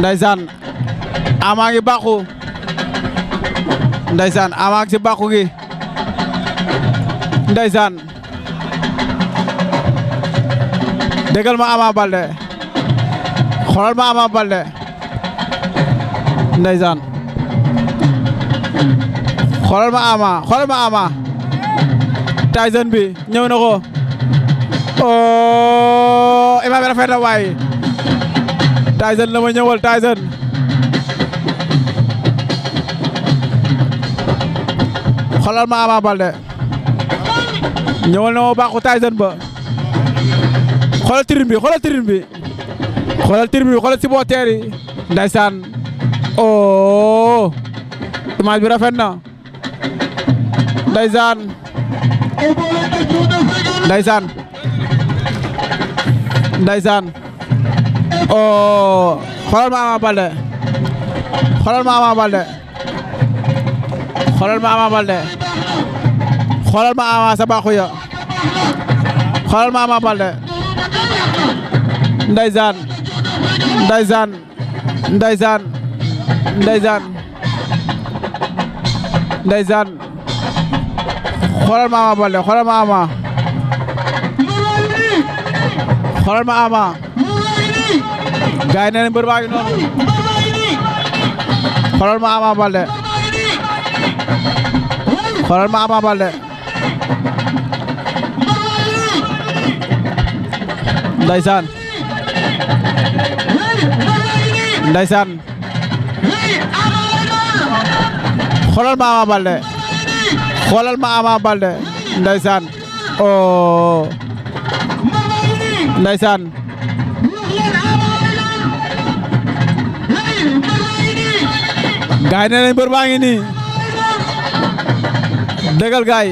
ndaysaan ama ngi bàqu ndaysaan ama ngi si bàqu gi ndaysaan déggal ma Ama Baldé xoolal ma Ama Baldé ndaysaan xoolal ma Ama xoolal ma Ama Tyson bi ñëw na ko oo oh, ima bi rafet waay Tyson la ma ñëwal Tyson xoolal ma Ama Baldé ñëwal na ma baaxu Tyson ba xoolal tirim bi xoolal tirim bi xoolal tirim bi xoolal supporters yi ndaysaan oh image bi rafet na ndaysaan ndaysaan ndaysaan xoolal ma Ama Baldé xoolal ma Ama Baldé xoolal ma Ama Baldé xoolal ma Ama Sabaxuya xoolal ma Ama Baldé ndeysaan ndeysaan ndeysaan ndeysaan ndeysaan ma Ama Baldé xoolal ma Ama gaay nee na mbër baa ngi noonu xoolal ma Ama Baldé xoolal ma Ama Baldé ndaysaan ndaysaan xoolal ma Ama gaay nee nañ mbër baa ngi nii dëggal gaay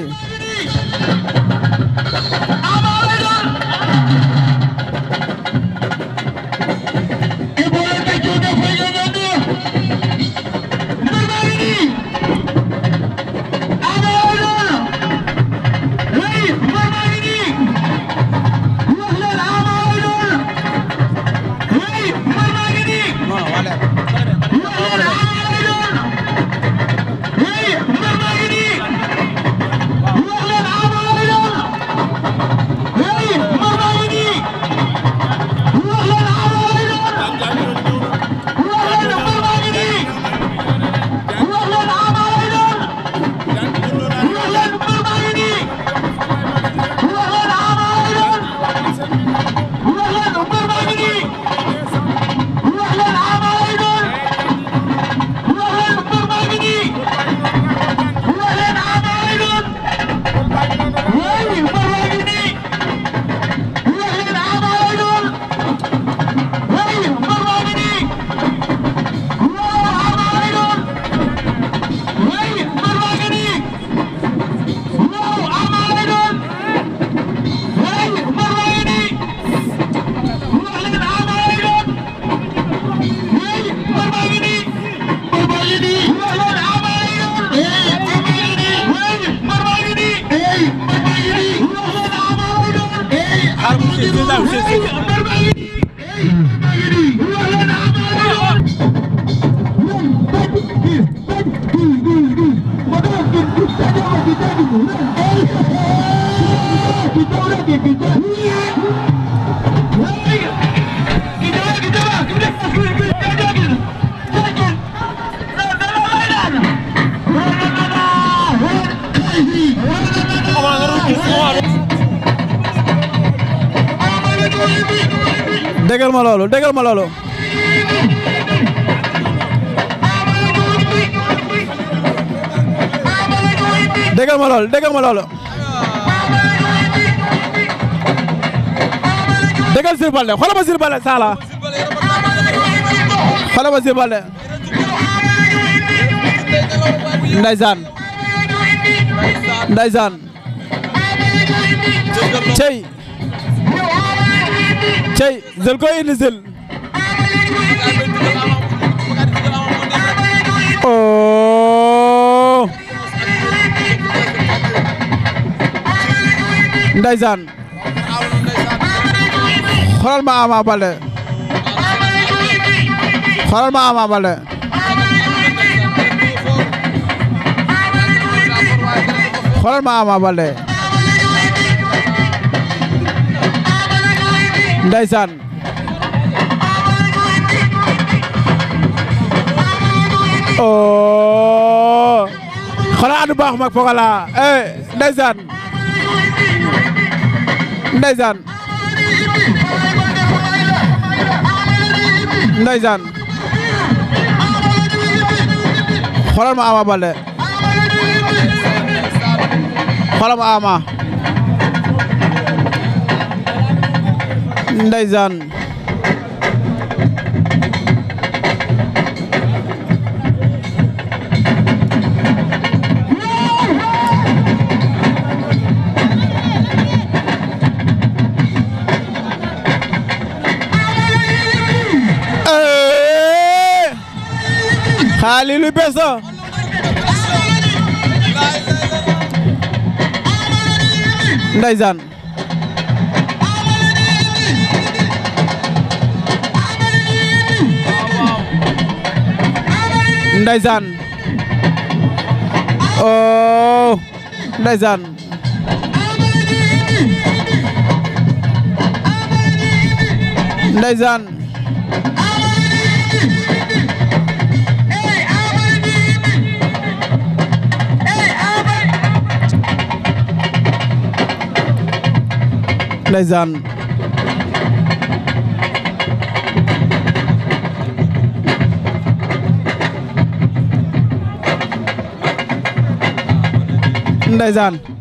dégal ma loolu dégal ma loolu dégg ma lool dégg ma lool déggal Jules Baldé xoolal ma Jules Baldé Saala xoolal ma Jules Baldé ndaysaan ndaysaan cey cey jël ko indi jël ndeysaan xoolal xoolal ma Ama Baldé xoolal ma xoolal adu oh. baax mag foog a ndeysaan ndeysaan xoolal ma Ama Baldé xoolal ma Ama ndeysaan Khalilou Bessa ndeysaan ndeysaan oh. ndeysaan ndeysaan